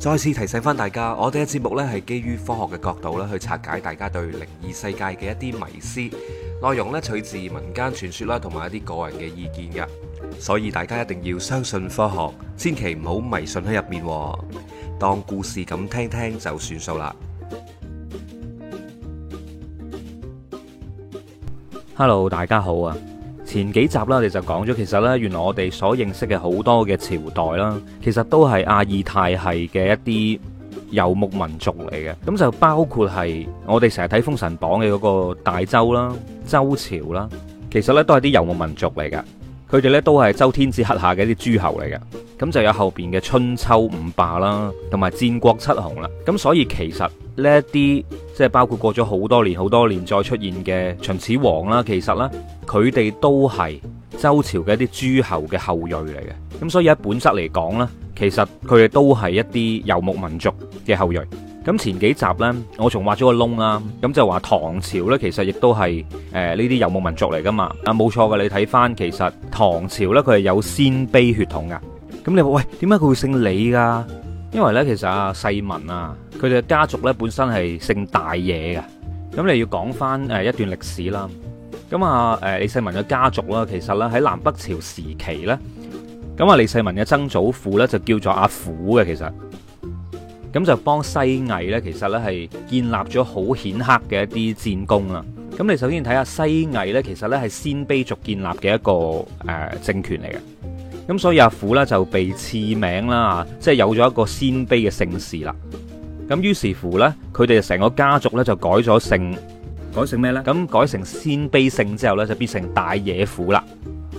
再次提醒翻大家，我哋嘅節目咧係基於科學嘅角度咧去拆解大家對靈異世界嘅一啲迷思，內容咧取自民間傳說啦，同埋一啲個人嘅意見嘅，所以大家一定要相信科學，千祈唔好迷信喺入面，當故事咁聽聽就算數啦。Hello，大家好啊！前幾集啦，我哋就講咗，其實咧，原來我哋所認識嘅好多嘅朝代啦，其實都係阿爾泰系嘅一啲游牧民族嚟嘅，咁就包括係我哋成日睇《封神榜》嘅嗰個大周啦、周朝啦，其實咧都係啲游牧民族嚟嘅。佢哋咧都係周天子轄下嘅一啲諸侯嚟嘅，咁就有後邊嘅春秋五霸啦，同埋戰國七雄啦。咁所以其實呢一啲即係包括過咗好多年、好多年再出現嘅秦始皇啦，其實呢，佢哋都係周朝嘅一啲諸侯嘅後裔嚟嘅。咁所以喺本質嚟講咧，其實佢哋都係一啲游牧民族嘅後裔。咁前幾集咧，我仲挖咗個窿啦，咁就話唐朝咧，其實亦都係誒呢啲遊牧民族嚟噶嘛。啊，冇錯嘅，你睇翻其實唐朝咧，佢係有鮮卑血統嘅。咁你話喂，點解佢會姓李噶？因為咧，其實啊，李世民啊，佢哋家族咧，本身係姓大野嘅。咁你要講翻誒一段歷史啦。咁啊誒，李世民嘅家族啦，其實咧喺南北朝時期咧，咁啊李世民嘅曾祖父咧就叫做阿虎嘅，其實。咁就幫西魏咧，其實咧係建立咗好顯赫嘅一啲戰功啦。咁你首先睇下西魏咧，其實咧係鮮卑族建立嘅一個誒政權嚟嘅。咁所以阿虎咧就被賜名啦，嚇，即係有咗一個鮮卑嘅姓氏啦。咁於是乎咧，佢哋成個家族咧就改咗姓，改成咩咧？咁改成鮮卑姓之後咧，就變成大野虎啦。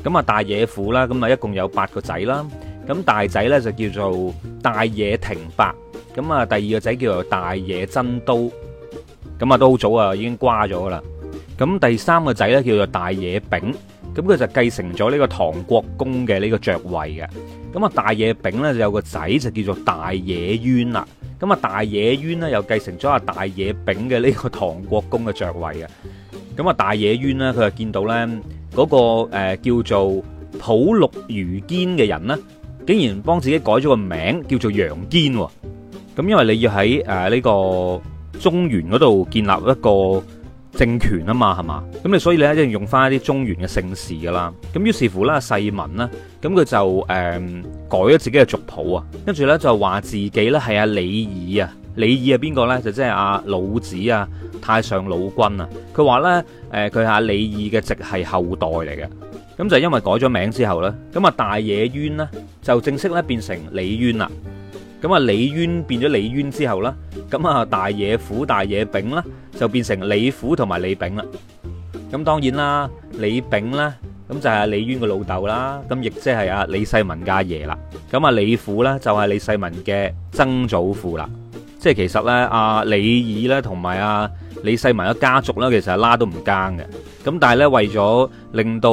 咁啊大野虎啦，咁啊一共有八個仔啦。咁大仔咧就叫做大野廷伯。咁啊第二個仔叫做大野真都，咁啊都好早啊已經瓜咗啦。咁第三個仔咧叫做大野丙，咁佢就繼承咗呢個唐國公嘅呢個爵位嘅。咁啊大野丙咧就有個仔就叫做大野淵啦。咁啊大野淵咧又繼承咗阿大野丙嘅呢個唐國公嘅爵位嘅。咁啊大野淵咧佢就見到咧嗰、那個誒、呃、叫做普六茹堅嘅人咧，竟然幫自己改咗個名叫做楊堅喎，咁因為你要喺誒呢個中原嗰度建立一個政權啊嘛，係嘛，咁你所以你一定用翻一啲中原嘅姓氏噶啦，咁於是乎咧，世民咧，咁佢就誒、呃、改咗自己嘅族譜啊，跟住咧就話自己咧係阿李耳啊，李耳係邊個咧？就即係阿老子啊，太上老君啊，佢話咧，誒佢係阿李耳嘅直係後代嚟嘅。咁就因為改咗名之後呢，咁啊大野淵呢，就正式咧變成李淵啦。咁啊李淵變咗李淵之後呢，咁啊大野虎、大野炳咧就變成李虎同埋李炳啦。咁當然啦，李炳呢，咁就係李淵嘅老豆啦。咁亦即係阿李世民家爺啦。咁啊李虎呢，就係李世民嘅曾祖父啦。即係其實呢，阿李耳呢，同埋阿李世民嘅家族呢，其實拉都唔耕嘅。咁但係呢，為咗令到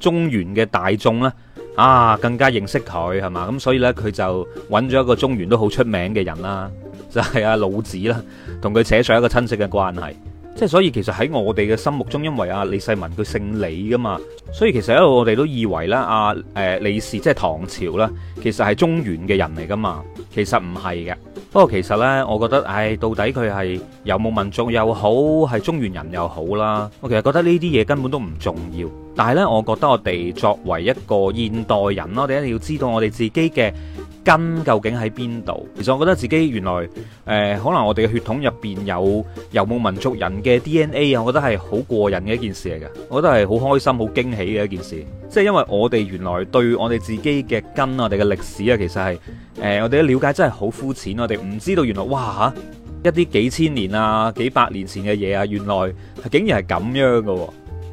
中原嘅大眾呢，啊更加認識佢，係嘛，咁，所以呢，佢就揾咗一個中原都好出名嘅人啦，就係、是、阿、啊、老子啦，同佢扯上一個親戚嘅關係，即係所以其實喺我哋嘅心目中，因為阿、啊、李世民佢姓李噶嘛，所以其實喺我哋都以為呢，阿誒李氏即係唐朝啦，其實係中原嘅人嚟噶嘛，其實唔係嘅。不過其實呢，我覺得，唉、哎，到底佢係有冇民族又好，係中原人又好啦。我其實覺得呢啲嘢根本都唔重要。但係呢，我覺得我哋作為一個現代人咯，我哋一定要知道我哋自己嘅根究竟喺邊度？其實我覺得自己原來誒、呃，可能我哋嘅血統入邊有游牧民族人嘅 D N A 啊？我覺得係好過癮嘅一件事嚟嘅，我覺得係好開心、好驚喜嘅一件事。即係因為我哋原來對我哋自己嘅根、我哋嘅歷史啊，其實係誒、呃、我哋嘅了解真係好膚淺，我哋唔知道原來哇吓一啲幾千年啊、幾百年前嘅嘢啊，原來竟然係咁樣噶、啊。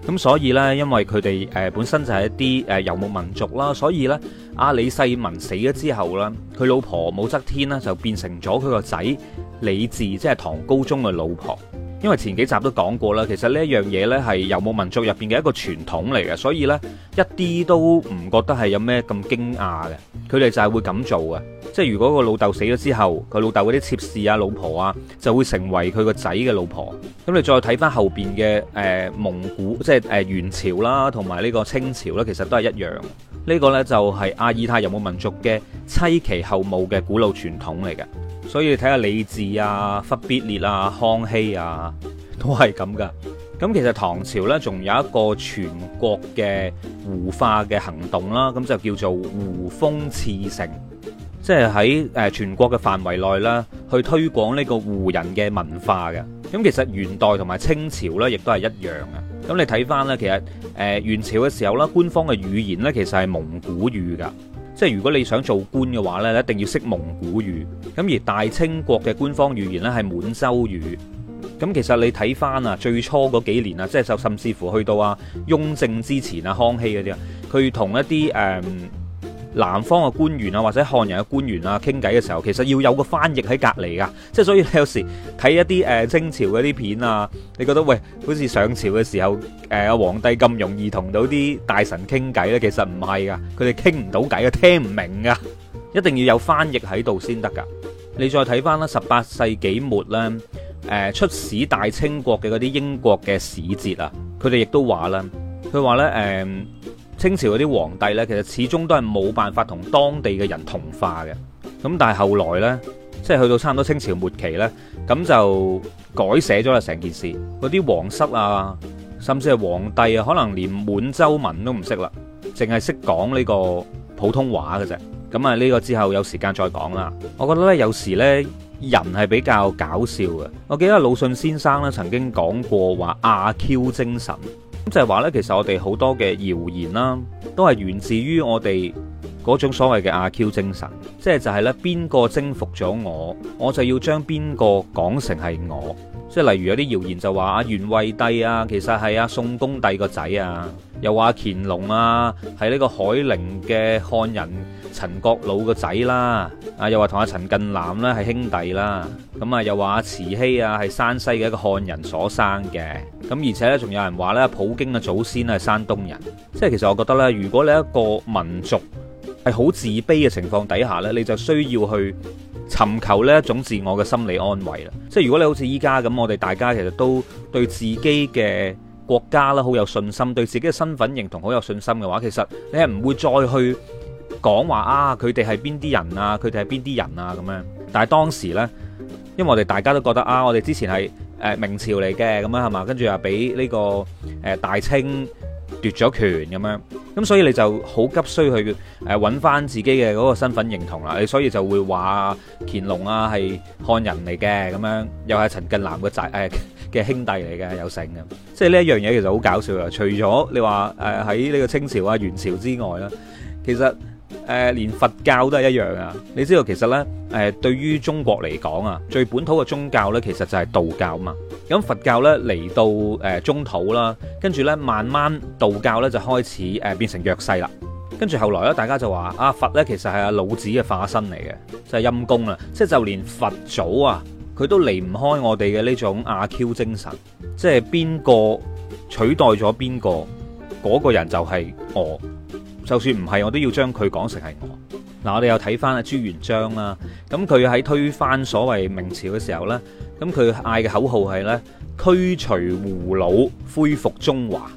咁所以呢，因為佢哋誒本身就係一啲誒遊牧民族啦，所以呢，阿李世民死咗之後呢，佢老婆武則天呢，就變成咗佢個仔李治，即係唐高宗嘅老婆。因為前幾集都講過啦，其實呢一樣嘢呢係游牧民族入邊嘅一個傳統嚟嘅，所以呢，一啲都唔覺得係有咩咁驚訝嘅，佢哋就係會咁做嘅。即係如果個老豆死咗之後，佢老豆嗰啲妾侍啊、老婆啊，就會成為佢個仔嘅老婆。咁你再睇翻後邊嘅誒蒙古，即係誒元朝啦，同埋呢個清朝呢，其實都係一樣。呢個呢，就係阿爾泰遊牧民族嘅妻其後母嘅古老傳統嚟嘅。所以你睇下李治啊、忽必烈啊、康熙啊，都係咁噶。咁其實唐朝呢，仲有一個全國嘅胡化嘅行動啦，咁就叫做胡風刺城。即係喺誒全國嘅範圍內啦，去推廣呢個胡人嘅文化嘅。咁其實元代同埋清朝呢，亦都係一樣嘅。咁你睇翻咧，其實誒元朝嘅時候咧，官方嘅語言呢，其實係蒙古語噶。即係如果你想做官嘅話呢，一定要識蒙古語。咁而大清國嘅官方語言呢，係滿洲語。咁其實你睇翻啊，最初嗰幾年啊，即係就甚至乎去到啊雍正之前啊，康熙嗰啲啊，佢同一啲誒。嗯南方嘅官員啊，或者漢人嘅官員啊，傾偈嘅時候，其實要有個翻譯喺隔離噶，即係所以你有時睇一啲誒、呃、清朝嗰啲片啊，你覺得喂，好似上朝嘅時候誒、呃，皇帝咁容易同到啲大臣傾偈咧，其實唔係噶，佢哋傾唔到偈啊，聽唔明噶，一定要有翻譯喺度先得噶。你再睇翻啦，十八世紀末咧，誒、呃、出使大清國嘅嗰啲英國嘅使節啊，佢哋亦都話啦，佢話咧誒。呃清朝嗰啲皇帝呢，其實始終都係冇辦法同當地嘅人同化嘅。咁但係後來呢，即係去到差唔多清朝末期呢，咁就改寫咗啦成件事。嗰啲皇室啊，甚至係皇帝啊，可能連滿洲文都唔識啦，淨係識講呢個普通話嘅啫。咁啊，呢個之後有時間再講啦。我覺得呢，有時呢，人係比較搞笑嘅。我記得魯迅先生呢曾經講過話阿 Q 精神。咁就係話呢，其實我哋好多嘅謠言啦，都係源自於我哋。嗰種所謂嘅阿 Q 精神，即係就係、是、咧，邊個征服咗我，我就要將邊個講成係我。即係例如有啲謠言就話阿元惠帝啊，其實係阿宋恭帝個仔啊，又話乾隆啊係呢個海寧嘅漢人陳國老個仔啦，啊又話同阿陳近南咧係兄弟啦、啊，咁啊又話阿慈禧啊係山西嘅一個漢人所生嘅，咁而且咧仲有人話咧，普京嘅祖先咧係山東人。即係其實我覺得咧，如果你一個民族，係好自卑嘅情況底下呢，你就需要去尋求呢一種自我嘅心理安慰啦。即係如果你好似依家咁，我哋大家其實都對自己嘅國家啦好有信心，對自己嘅身份認同好有信心嘅話，其實你係唔會再去講話啊，佢哋係邊啲人啊，佢哋係邊啲人啊咁樣。但係當時呢，因為我哋大家都覺得啊，我哋之前係誒明朝嚟嘅咁樣係嘛，跟住又俾呢個誒大清。奪咗權咁樣，咁所以你就好急需去誒揾翻自己嘅嗰個身份認同啦，你所以就會話乾隆啊係漢人嚟嘅咁樣，又係陳近南個仔誒嘅兄弟嚟嘅有成嘅，即係呢一樣嘢其實好搞笑嘅，除咗你話誒喺呢個清朝啊、元朝之外啦，其實。誒、呃，連佛教都係一樣啊！你知道其實呢，誒、呃，對於中國嚟講啊，最本土嘅宗教呢，其實就係道教嘛。咁佛教呢，嚟到誒、呃、中土啦，跟住呢，慢慢道教呢，就開始誒變成弱勢啦。跟住後來呢，大家就話啊佛呢，其實係阿老子嘅化身嚟嘅，就係陰功啦。即係就連佛祖啊，佢都離唔開我哋嘅呢種阿 Q 精神。即係邊個取代咗邊個，嗰、那個人就係我。就算唔係，我都要將佢講成係我。嗱，我哋又睇翻啊朱元璋啦，咁佢喺推翻所謂明朝嘅時候呢，咁佢嗌嘅口號係咧，驅除胡虜，恢復中華。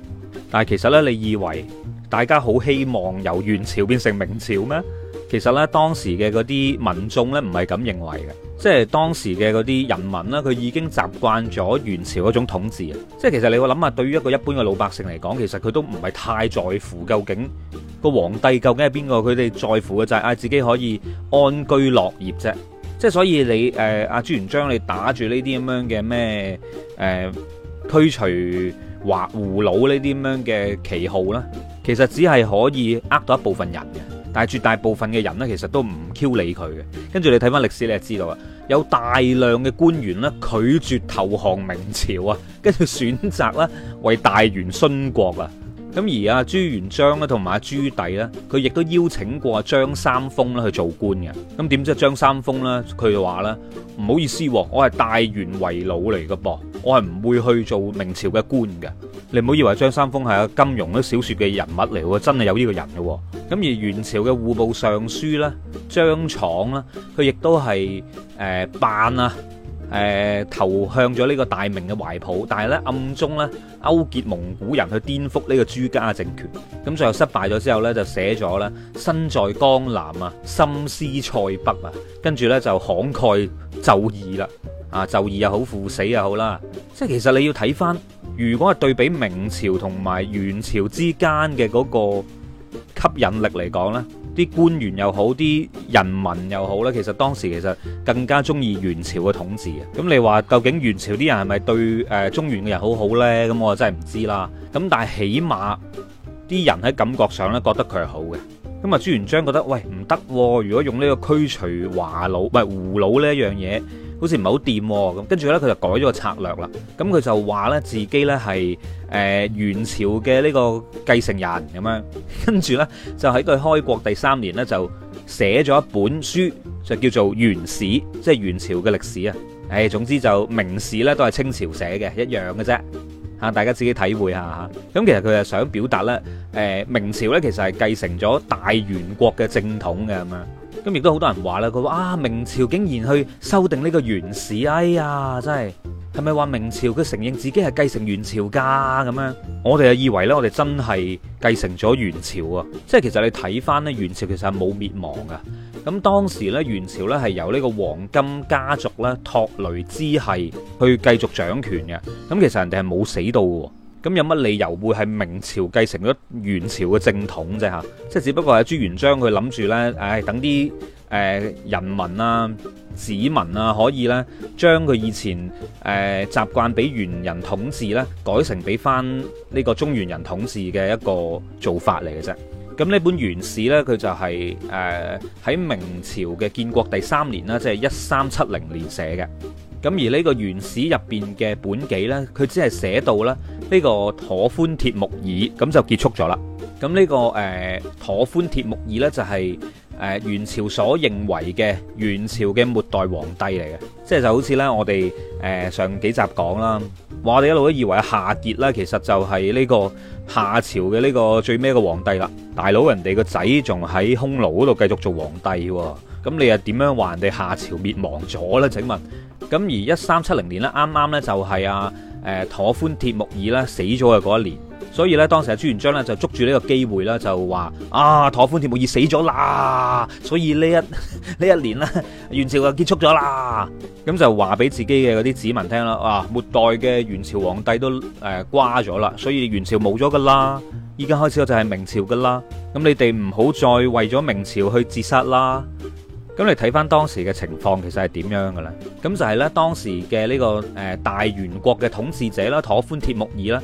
但係其實呢，你以為大家好希望由元朝變成明朝咩？其實咧，當時嘅嗰啲民眾咧，唔係咁認為嘅，即係當時嘅嗰啲人民呢，佢已經習慣咗元朝嗰種統治啊！即係其實你會諗下，對於一個一般嘅老百姓嚟講，其實佢都唔係太在乎究竟個皇帝究竟係邊個，佢哋在乎嘅就係、是、啊自己可以安居樂業啫。即係所以你誒阿、呃、朱元璋，你打住呢啲咁樣嘅咩誒驅除華胡虜呢啲咁樣嘅旗號啦，其實只係可以呃到一部分人嘅。但係絕大部分嘅人呢，其實都唔鳩理佢嘅。跟住你睇返歷史，你就知道啦，有大量嘅官員呢，拒絕投降明朝啊，跟住選擇啦為大元殉國啊。咁而啊朱元璋咧，同埋啊朱棣咧，佢亦都邀請過阿張三豐啦去做官嘅。咁點知張三豐咧，佢就話咧唔好意思，我係大元遺老嚟噶噃，我係唔會去做明朝嘅官嘅。你唔好以為張三豐係啊金庸啲小說嘅人物嚟，真係有呢個人嘅。咁而元朝嘅戶部尚書咧，張昶咧，佢亦都係誒扮啊。誒、呃、投向咗呢個大明嘅懷抱，但係咧暗中咧勾結蒙古人去顛覆呢個朱家政權，咁最後失敗咗之後呢就寫咗咧身在江南啊，心思塞北啊，跟住呢就慷慨就義啦，啊就義又好，赴死又好啦，即係其實你要睇返，如果係對比明朝同埋元朝之間嘅嗰個吸引力嚟講咧。啲官員又好，啲人民又好咧，其實當時其實更加中意元朝嘅統治嘅。咁你話究竟元朝啲人係咪對誒中原嘅人好好呢？咁我就真係唔知啦。咁但係起碼啲人喺感覺上咧覺得佢係好嘅。咁啊朱元璋覺得喂唔得、啊，如果用呢個驅除華佬唔係胡佬呢一樣嘢。好似唔係好掂咁，跟住呢佢就改咗個策略啦。咁佢就話呢自己呢係誒元朝嘅呢個繼承人咁樣，跟住呢就喺佢開國第三年呢就寫咗一本書，就叫做《元史》，即係元朝嘅歷史啊！誒，總之就明史呢都係清朝寫嘅，一樣嘅啫吓，大家自己體會下吓。咁其實佢係想表達呢誒明朝呢其實係繼承咗大元國嘅正統嘅咁啊。咁亦都好多人話啦，佢話啊明朝竟然去修訂呢個元史，哎呀真係係咪話明朝佢承認自己係繼承元朝噶咁樣？我哋啊以為呢，我哋真係繼承咗元朝啊，即係其實你睇翻呢，元朝其實係冇滅亡噶。咁當時呢，元朝呢係由呢個黃金家族呢托雷之係去繼續掌權嘅。咁其實人哋係冇死到嘅。咁有乜理由會係明朝繼承咗元朝嘅正統啫？吓，即係只不過係朱元璋佢諗住呢，唉、哎，等啲誒、呃、人民啊、子民啊，可以呢，將佢以前誒、呃、習慣俾元人統治呢，改成俾返呢個中原人統治嘅一個做法嚟嘅啫。咁呢本《元史》呢，佢就係誒喺明朝嘅建國第三年啦，即係一三七零年寫嘅。咁而呢個《元史》入邊嘅本紀呢，佢只係寫到呢。呢個妥歡鐵木兒咁就結束咗啦。咁、這、呢個誒妥歡鐵木兒呢，就係誒元朝所認為嘅元朝嘅末代皇帝嚟嘅，即係就好似呢，我哋誒上幾集講啦，話我哋一路都以為夏桀呢，其實就係呢個夏朝嘅呢個最尾一個皇帝啦。大佬人哋個仔仲喺匈奴嗰度繼續做皇帝喎，咁你又點樣話人哋夏朝滅亡咗呢？請問，咁而一三七零年呢，啱啱呢，就係啊。誒，妥歡鐵木爾咧，死咗嘅嗰一年，所以咧，當時啊朱元璋咧，就捉住呢個機會啦，就話啊妥歡鐵木爾死咗啦，所以呢一呢一年咧，元朝就結束咗啦，咁就話俾自己嘅嗰啲子民聽啦，啊末代嘅元朝皇帝都誒瓜咗啦，所以元朝冇咗噶啦，依家開始就係明朝噶啦，咁你哋唔好再為咗明朝去自殺啦。咁你睇翻當時嘅情況，其實係點樣嘅咧？咁就係咧當時嘅呢個誒大元國嘅統治者啦，妥歡帖木兒啦，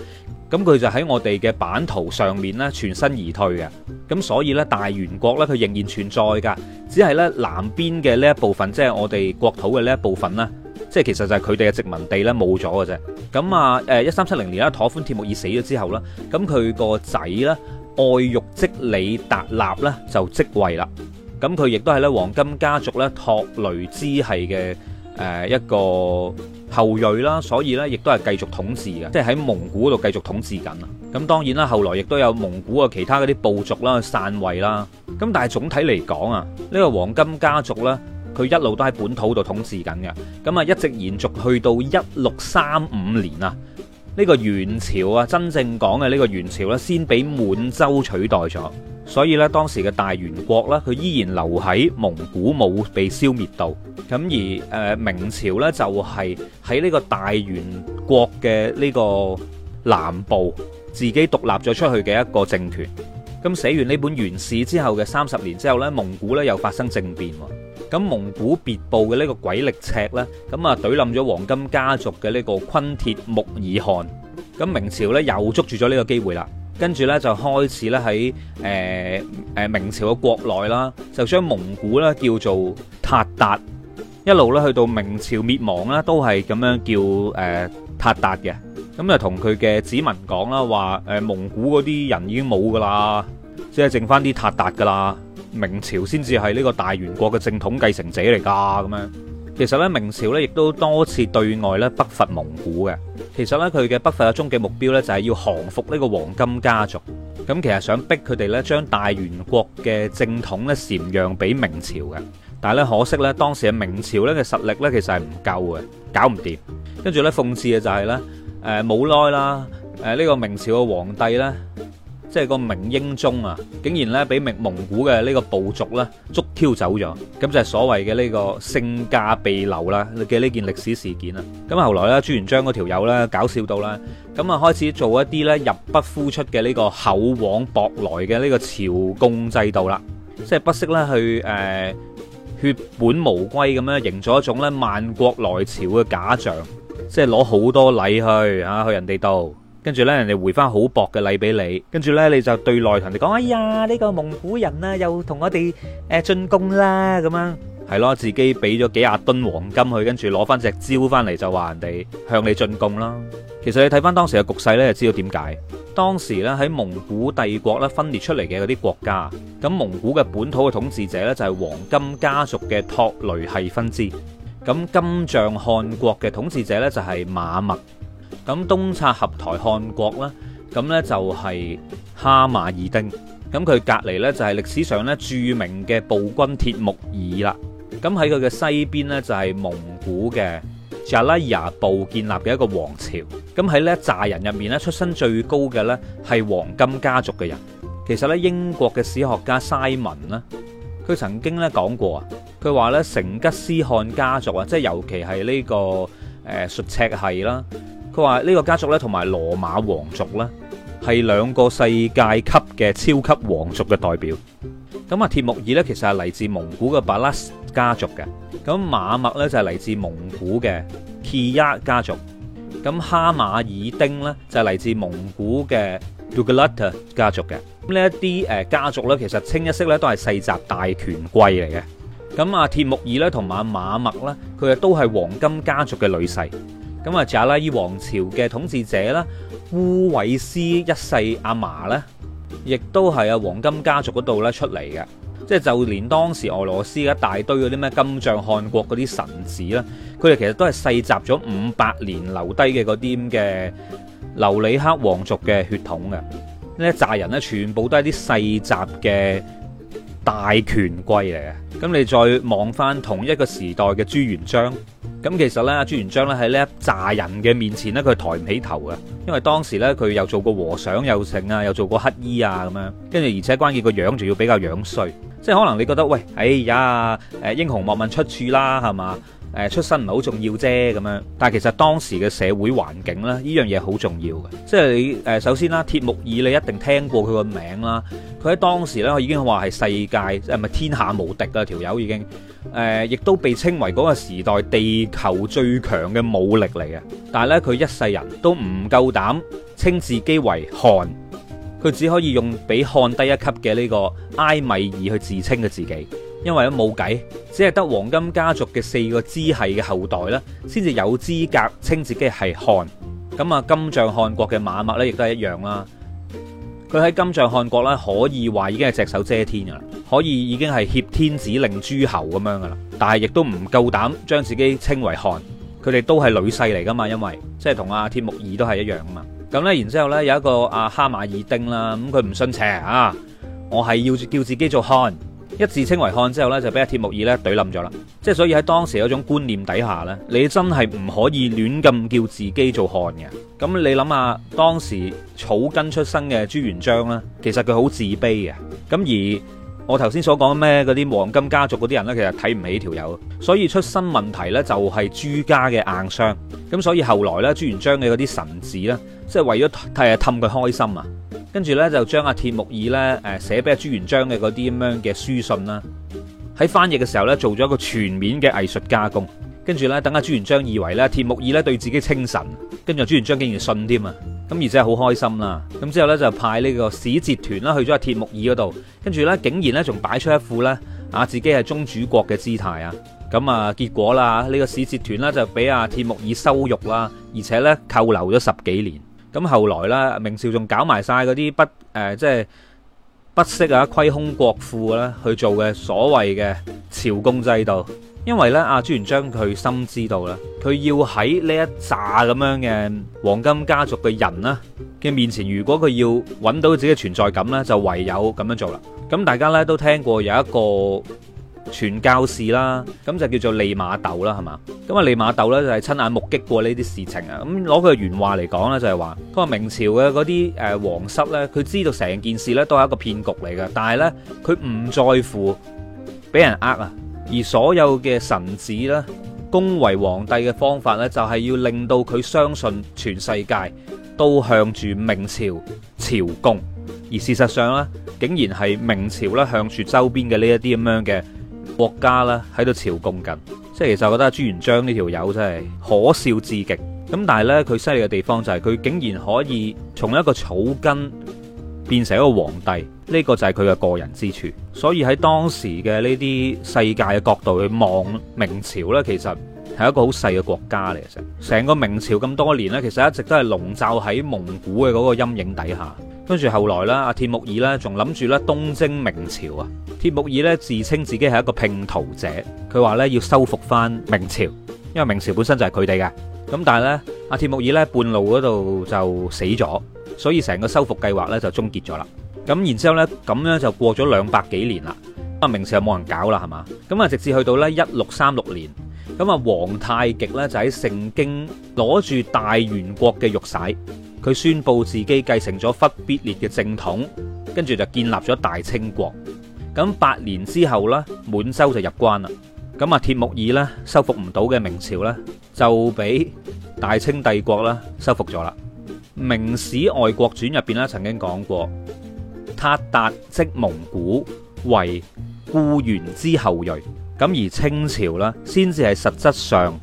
咁佢就喺我哋嘅版圖上面咧全身而退嘅，咁所以咧大元國咧佢仍然存在噶，只係咧南邊嘅呢一部分，即係我哋國土嘅呢一部分啦，即係其實就係佢哋嘅殖民地咧冇咗嘅啫。咁啊誒，一三七零年啦，妥歡帖木兒死咗之後啦，咁佢個仔啦愛玉積里達納咧就即位啦。咁佢亦都係咧黃金家族咧托雷之系嘅誒一個後裔啦，所以呢，亦都係繼續統治嘅，即係喺蒙古嗰度繼續統治緊啊。咁當然啦，後來亦都有蒙古嘅其他嗰啲部族啦散位啦。咁但係總體嚟講啊，呢、呢個黃金家族呢，佢一路都喺本土度統治緊嘅。咁啊一直延續去到一六三五年啊。呢個元朝啊，真正講嘅呢個元朝呢，先俾滿洲取代咗，所以呢，當時嘅大元國呢，佢依然留喺蒙古冇被消滅到。咁而誒明朝呢，就係喺呢個大元國嘅呢個南部自己獨立咗出去嘅一個政權。咁寫完呢本《元史》之後嘅三十年之後呢，蒙古呢又發生政變喎。咁蒙古別部嘅呢個鬼力赤咧，咁啊隊冧咗黃金家族嘅呢個昆鐵木兒汗。咁明朝咧又捉住咗呢個機會啦，跟住咧就開始咧喺誒誒明朝嘅國內啦，就將蒙古咧叫做塔達，一路咧去到明朝滅亡啦，都係咁樣叫誒、呃、塔達嘅。咁啊同佢嘅子民講啦，話誒蒙古嗰啲人已經冇㗎喇，即係剩返啲塔達㗎喇。明朝先至係呢個大元國嘅正統繼承者嚟㗎咁樣，其實呢，明朝呢亦都多次對外呢北伐蒙古嘅，其實呢，佢嘅北伐嘅終極目標呢，就係要降服呢個黃金家族，咁其實想逼佢哋呢將大元國嘅正統呢禪讓俾明朝嘅，但係咧可惜呢，當時嘅明朝呢嘅實力呢，其實係唔夠嘅，搞唔掂。跟住呢，諷刺嘅就係呢，誒冇耐啦，誒呢個明朝嘅皇帝呢。即係個明英宗啊，竟然咧俾明蒙古嘅呢個部族咧捉挑走咗。咁就係所謂嘅呢個性價比流啦嘅呢件歷史事件啊！咁後來咧朱元璋嗰條友咧搞笑到咧，咁啊開始做一啲咧入不敷出嘅呢個厚往薄來嘅呢個朝貢制度啦，即係不惜咧去誒血本無歸咁樣營造一種咧萬國來朝嘅假象，即係攞好多禮去吓去人哋度。跟住呢，人哋回翻好薄嘅禮俾你，跟住呢，你就對內同人哋講：哎呀，呢、這個蒙古人啊，又同我哋誒進貢啦咁樣，係咯，自己俾咗幾廿噸黃金佢，跟住攞翻隻蕉翻嚟就話人哋向你進貢啦。其實你睇翻當時嘅局勢呢，就知道點解當時呢，喺蒙古帝國咧分裂出嚟嘅嗰啲國家，咁蒙古嘅本土嘅統治者呢，就係、是、黃金家族嘅托雷系分支，咁金帳汗國嘅統治者呢，就係、是、馬麥。咁東察合台汗國咧，咁呢就係哈馬爾丁，咁佢隔籬呢，就係、是、歷史上咧著名嘅暴君鐵木爾啦。咁喺佢嘅西邊呢，就係、是、蒙古嘅扎拉亞部建立嘅一個王朝。咁喺呢一扎人入面呢，出身最高嘅呢，係黃金家族嘅人。其實呢，英國嘅史學家西文呢，佢曾經呢講過啊，佢話呢，成吉思汗家族啊，即係尤其係呢、這個誒術、呃、赤係啦。佢話呢個家族咧，同埋羅馬皇族咧，係兩個世界級嘅超級皇族嘅代表。咁啊，鐵木爾呢，其實係嚟自蒙古嘅 Balas 家族嘅。咁馬麥呢，就係嚟自蒙古嘅 Kiya 家族。咁哈馬爾丁呢，就係嚟自蒙古嘅 Duglata 家族嘅。咁呢一啲誒家族呢，其實清一色咧都係世襲大權貴嚟嘅。咁啊，鐵木爾呢，同埋馬麥呢，佢啊都係黃金家族嘅女婿。咁啊，扎拉伊王朝嘅統治者啦，烏維斯一世阿嫲咧，亦都係啊黃金家族嗰度咧出嚟嘅，即係就連當時俄羅斯一大堆嗰啲咩金帳汗國嗰啲臣子咧，佢哋其實都係世襲咗五百年留低嘅嗰啲咁嘅琉里克皇族嘅血統嘅，呢一紮人呢，全部都係啲世襲嘅大權貴嚟嘅。咁你再望翻同一個時代嘅朱元璋。咁其實呢，朱元璋咧，喺呢一紮人嘅面前呢，佢抬唔起頭嘅，因為當時呢，佢又做過和尚，又成啊，又做過乞衣啊咁樣，跟住而且關鍵個樣仲要比較樣衰，即係可能你覺得喂，哎呀，誒英雄莫問出處啦，係嘛？誒出身唔係好重要啫咁樣，但係其實當時嘅社會環境呢，呢樣嘢好重要嘅。即係你誒、呃、首先啦，鐵木爾你一定聽過佢個名啦，佢喺當時咧已經話係世界即係咪天下無敵啊，條友已經誒、呃，亦都被稱為嗰個時代地球最強嘅武力嚟嘅。但係呢，佢一世人都唔夠膽稱自己為汗，佢只可以用比汗低一級嘅呢個埃米爾去自稱嘅自己。因為冇計，只係得黃金家族嘅四個支系嘅後代咧，先至有資格稱自己係汗。咁啊，金帳汗國嘅馬麥咧，亦都係一樣啦。佢喺金帳汗國咧，可以話已經係隻手遮天噶啦，可以已經係挾天子令諸侯咁樣噶啦。但係亦都唔夠膽將自己稱為汗。佢哋都係女婿嚟噶嘛，因為即係同阿鐵木兒都係一樣噶嘛。咁呢，然之後咧有一個阿哈馬爾丁啦，咁佢唔信邪啊，我係要叫自己做汗。一自稱為漢之後呢，就俾阿鐵木爾呢懟冧咗啦。即係所以喺當時嗰種觀念底下呢，你真係唔可以亂咁叫自己做漢嘅。咁你諗下當時草根出身嘅朱元璋呢，其實佢好自卑嘅。咁而我頭先所講咩嗰啲黃金家族嗰啲人呢，其實睇唔起條友，所以出身問題呢，就係朱家嘅硬傷。咁所以後來呢，朱元璋嘅嗰啲臣子呢。即係為咗係啊氹佢開心啊，跟住呢，就將阿鐵木爾呢誒寫俾阿朱元璋嘅嗰啲咁樣嘅書信啦，喺翻譯嘅時候呢，做咗一個全面嘅藝術加工，跟住呢，等阿朱元璋以為呢鐵木爾呢對自己稱臣，跟住阿朱元璋竟然信添啊，咁而且係好開心啦，咁之後呢，就派呢個使節團啦去咗阿鐵木爾嗰度，跟住呢，竟然呢仲擺出一副呢啊自己係宗主國嘅姿態啊，咁啊結果啦呢個使節團呢就俾阿鐵木爾羞辱啦，而且呢扣留咗十幾年。咁後來啦，明朝仲搞埋晒嗰啲不誒，即係不惜啊，虧空國庫啦，去做嘅所謂嘅朝貢制度，因為咧，阿朱元璋佢深知道啦，佢要喺呢一紮咁樣嘅黃金家族嘅人啦嘅面前，如果佢要揾到自己嘅存在感咧，就唯有咁樣做啦。咁大家咧都聽過有一個。傳教士啦，咁就叫做利瑪竇啦，係嘛？咁啊，利瑪竇咧就係親眼目擊過呢啲事情啊。咁攞佢嘅原話嚟講呢就係、是、話，佢話明朝嘅嗰啲誒皇室呢，佢知道成件事呢都係一個騙局嚟嘅。但係呢，佢唔在乎俾人呃啊。而所有嘅臣子呢，恭維皇帝嘅方法呢，就係要令到佢相信全世界都向住明朝朝貢。而事實上呢，竟然係明朝咧向住周邊嘅呢一啲咁樣嘅。國家咧喺度朝貢緊，即係其實我覺得朱元璋呢條友真係可笑至極。咁但係呢，佢犀利嘅地方就係佢竟然可以從一個草根變成一個皇帝，呢個就係佢嘅過人之處。所以喺當時嘅呢啲世界嘅角度去望明朝呢，其實係一個好細嘅國家嚟嘅。成個明朝咁多年呢，其實一直都係籠罩喺蒙古嘅嗰個陰影底下。跟住後來啦，阿鐵木爾呢仲諗住咧東征明朝啊！鐵木爾呢自稱自己係一個拼圖者，佢話呢要收復翻明朝，因為明朝本身就係佢哋嘅。咁但係呢，阿鐵木爾呢半路嗰度就死咗，所以成個收復計劃呢就終結咗啦。咁然之後呢，咁樣就過咗兩百幾年啦。咁啊明朝又冇人搞啦，係嘛？咁啊直至去到呢，一六三六年，咁啊皇太極呢，就喺盛京攞住大元國嘅玉璽。佢宣布自己繼承咗忽必烈嘅正統，跟住就建立咗大清國。咁八年之後呢，滿洲就入關啦。咁啊，鐵木爾呢收復唔到嘅明朝呢就俾大清帝國啦收復咗啦。明史外國傳入邊呢曾經講過，塔達即蒙古為故元之後裔。咁而清朝呢，先至係實質上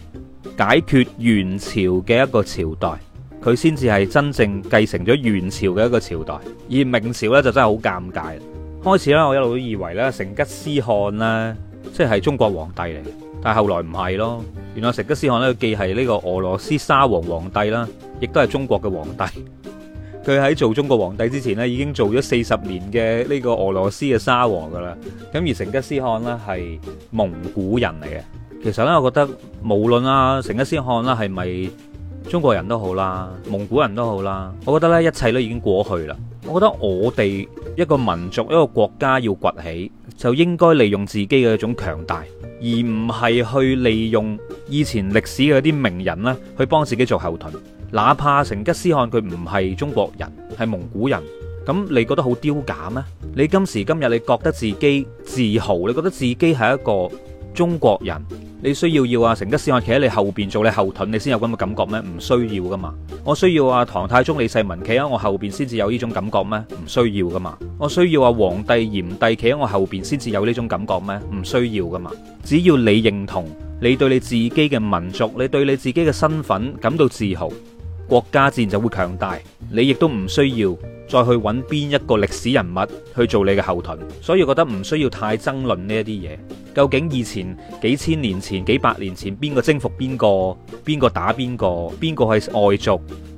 解決元朝嘅一個朝代。佢先至係真正繼承咗元朝嘅一個朝代，而明朝咧就真係好尷尬。開始咧，我一路都以為咧成吉思汗呢，即係中國皇帝嚟，但係後來唔係咯。原來成吉思汗呢，既係呢個俄羅斯沙皇皇帝啦，亦都係中國嘅皇帝。佢喺做中國皇帝之前呢，已經做咗四十年嘅呢個俄羅斯嘅沙皇噶啦。咁而成吉思汗呢，係蒙古人嚟嘅。其實呢，我覺得無論啊成吉思汗啦係咪……中國人都好啦，蒙古人都好啦。我覺得咧，一切都已經過去啦。我覺得我哋一個民族一個國家要崛起，就應該利用自己嘅一種強大，而唔係去利用以前歷史嘅啲名人呢去幫自己做後盾。哪怕成吉思汗佢唔係中國人，係蒙古人，咁你覺得好丟架咩？你今時今日你覺得自己自豪，你覺得自己係一個中國人，你需要要啊成吉思汗企喺你後邊做你後盾，你先有咁嘅感覺咩？唔需要㗎嘛。我需要啊唐太宗李世民企喺我後邊先至有呢種感覺咩？唔需要㗎嘛。我需要啊黃帝炎帝企喺我後邊先至有呢種感覺咩？唔需要㗎嘛。只要你認同，你對你自己嘅民族，你對你自己嘅身份感到自豪，國家自然就會強大。你亦都唔需要。再去揾邊一個歷史人物去做你嘅後盾，所以覺得唔需要太爭論呢一啲嘢。究竟以前幾千年前、幾百年前，邊個征服邊個，邊個打邊個，邊個係外族，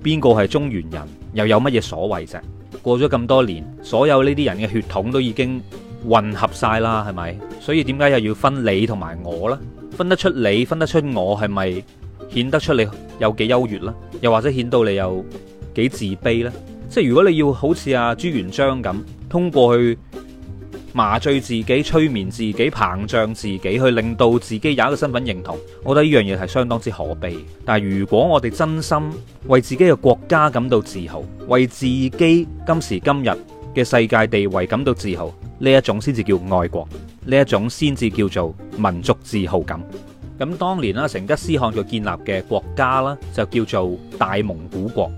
邊個係中原人，又有乜嘢所謂啫？過咗咁多年，所有呢啲人嘅血統都已經混合晒啦，係咪？所以點解又要分你同埋我呢？分得出你，分得出我，係咪顯得出你有幾優越啦？又或者顯到你有幾自卑呢？即係如果你要好似阿朱元璋咁，通過去麻醉自己、催眠自己、膨脹自己，去令到自己有一個身份認同，我覺得呢樣嘢係相當之可悲。但係如果我哋真心為自己嘅國家感到自豪，為自己今時今日嘅世界地位感到自豪，呢一種先至叫愛國，呢一種先至叫做民族自豪感。咁當年啦，成吉思汗就建立嘅國家啦，就叫做大蒙古國。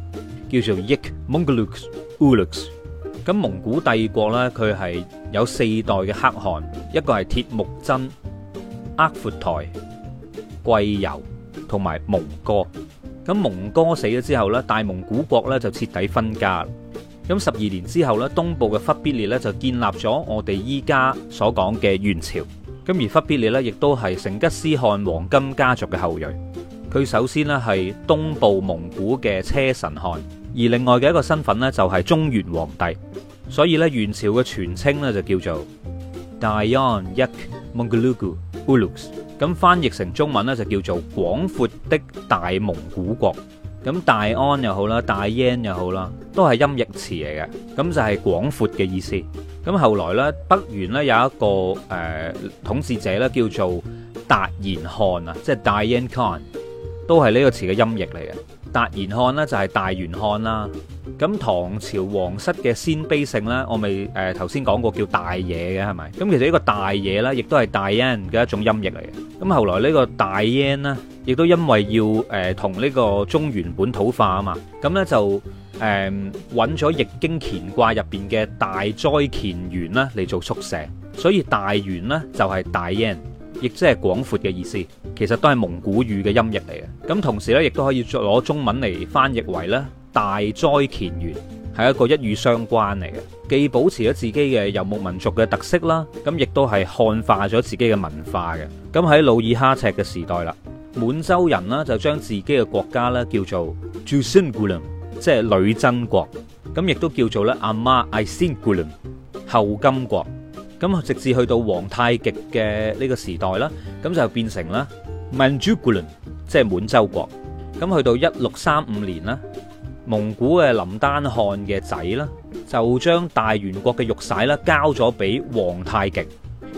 叫做亦蒙古族烏魯斯，咁蒙古帝國呢，佢係有四代嘅黑汗，一個係鐵木真、厄闊台、貴由同埋蒙哥。咁蒙哥死咗之後呢，大蒙古國呢就徹底分家。咁十二年之後呢，東部嘅忽必烈呢就建立咗我哋依家所講嘅元朝。咁而忽必烈呢，亦都係成吉思汗黃金家族嘅後裔。佢首先呢係東部蒙古嘅車臣汗。而另外嘅一個身份呢，就係中原皇帝，所以呢，元朝嘅全稱呢，就叫做大安一克蒙古國 Ulus，咁翻譯成中文呢，就叫做廣闊的大蒙古國，咁大安又好啦，大燕又好啦，都係音譯詞嚟嘅，咁就係廣闊嘅意思。咁後來呢，北元呢，有一個誒、呃、統治者呢，叫做達延汗啊，即係大延汗，都係呢個詞嘅音譯嚟嘅。達延大元漢啦，就係大元漢啦。咁唐朝皇室嘅鮮卑姓啦，我咪誒頭先講過叫大野嘅係咪？咁其實呢個大野個呢，亦都係大 N 嘅一種音譯嚟嘅。咁後來呢個大 N 呢，亦都因為要誒、呃、同呢個中原本土化啊嘛，咁呢，就揾咗易經乾卦入邊嘅大哉乾元呢嚟做縮寫，所以大元呢，就係大 N。亦即係廣闊嘅意思，其實都係蒙古語嘅音譯嚟嘅。咁同時咧，亦都可以再攞中文嚟翻譯為咧大哉乾元，係一個一語相關嚟嘅。既保持咗自己嘅游牧民族嘅特色啦，咁亦都係漢化咗自己嘅文化嘅。咁喺努爾哈赤嘅時代啦，滿洲人啦就將自己嘅國家咧叫做 Jusen Gulun，即係女真國。咁亦都叫做咧阿媽 Aisin Gulun，後金國。咁直至去到皇太極嘅呢個時代啦，咁就變成啦 Manchu Gulen 即係滿洲國。咁去到一六三五年啦，蒙古嘅林丹汗嘅仔啦，就將大元國嘅玉璽啦交咗俾皇太極。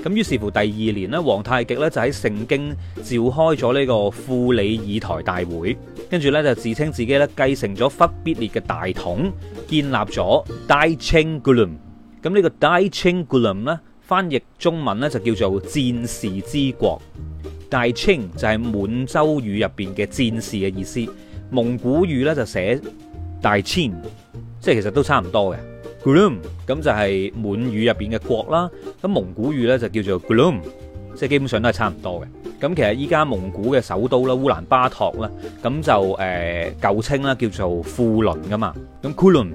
咁於是乎第二年呢，皇太極咧就喺盛京召開咗呢個庫里爾台大會，跟住咧就自稱自己咧繼承咗忽必烈嘅大統，建立咗 Daicheng Gulen。咁呢個 Daicheng Gulen 咧。翻譯中文咧就叫做戰士之國，大清就係滿洲語入邊嘅戰士嘅意思，蒙古語咧就寫大清，即係其實都差唔多嘅。Gloom 咁就係滿語入邊嘅國啦，咁蒙古語咧就叫做 Gloom，即係基本上都係差唔多嘅。咁其實依家蒙古嘅首都啦，烏蘭巴托啦，咁就誒舊稱啦叫做庫倫噶嘛，咁庫倫。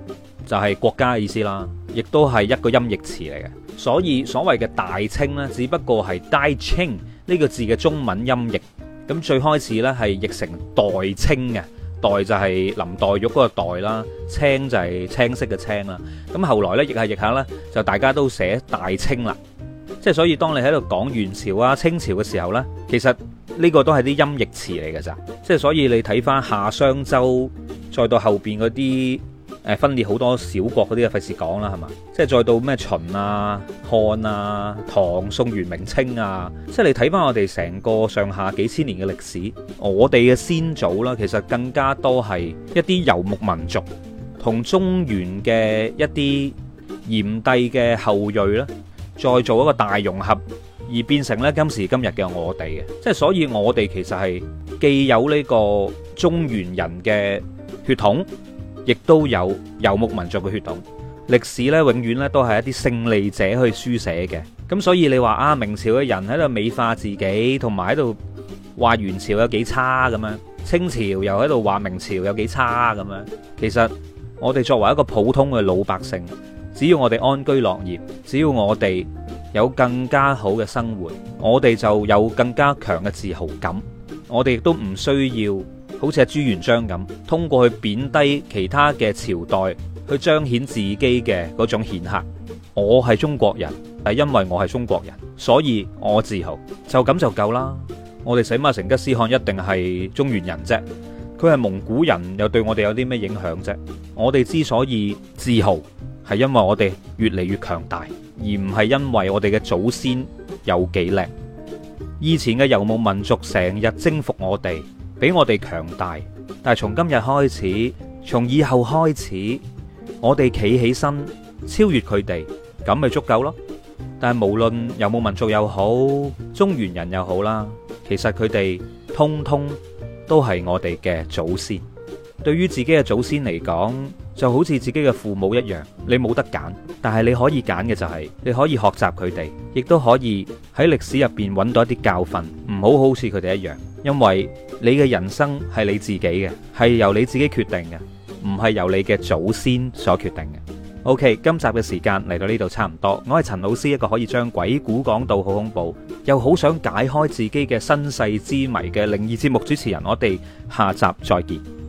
就係國家嘅意思啦，亦都係一個音譯詞嚟嘅。所以所謂嘅大清呢，只不過係大清呢個字嘅中文音譯。咁最開始呢，係譯成代清嘅，代就係林黛玉嗰個代啦，青就係青色嘅青啦。咁後來呢，亦係譯下呢，就大家都寫大清啦。即係所以，當你喺度講元朝啊、清朝嘅時候呢，其實呢個都係啲音譯詞嚟嘅咋。即係所以你睇翻夏商周，再到後邊嗰啲。誒分裂好多小國嗰啲啊，費事講啦，係嘛？即係再到咩秦啊、漢啊、唐、宋、元、明清啊，即係你睇返我哋成個上下幾千年嘅歷史，我哋嘅先祖啦，其實更加多係一啲游牧民族同中原嘅一啲炎帝嘅後裔咧，再做一個大融合，而變成咧今時今日嘅我哋嘅，即係所以我哋其實係既有呢個中原人嘅血統。亦都有游牧民族嘅血統，歷史咧永遠咧都係一啲勝利者去書寫嘅，咁所以你話啊明朝嘅人喺度美化自己，同埋喺度話元朝有幾差咁樣，清朝又喺度話明朝有幾差咁樣，其實我哋作為一個普通嘅老百姓，只要我哋安居樂業，只要我哋有更加好嘅生活，我哋就有更加強嘅自豪感，我哋亦都唔需要。好似係朱元璋咁，通過去貶低其他嘅朝代，去彰顯自己嘅嗰種顯赫。我係中國人，係因為我係中國人，所以我自豪。就咁就夠啦。我哋使乜成吉思汗一定係中原人啫。佢係蒙古人，又對我哋有啲咩影響啫？我哋之所以自豪，係因為我哋越嚟越強大，而唔係因為我哋嘅祖先有幾叻。以前嘅遊牧民族成日征服我哋。比我哋強大，但係從今日開始，從以後開始，我哋企起身超越佢哋，咁咪足夠咯。但係無論有冇民族又好，中原人又好啦，其實佢哋通通都係我哋嘅祖先。對於自己嘅祖先嚟講，就好似自己嘅父母一樣，你冇得揀，但係你可以揀嘅就係，你可以學習佢哋，亦都可以喺歷史入邊揾到一啲教訓，唔好好似佢哋一樣。因為你嘅人生係你自己嘅，係由你自己決定嘅，唔係由你嘅祖先所決定嘅。OK，今集嘅時間嚟到呢度差唔多，我係陳老師，一個可以將鬼故講到好恐怖，又好想解開自己嘅身世之謎嘅靈異節目主持人，我哋下集再見。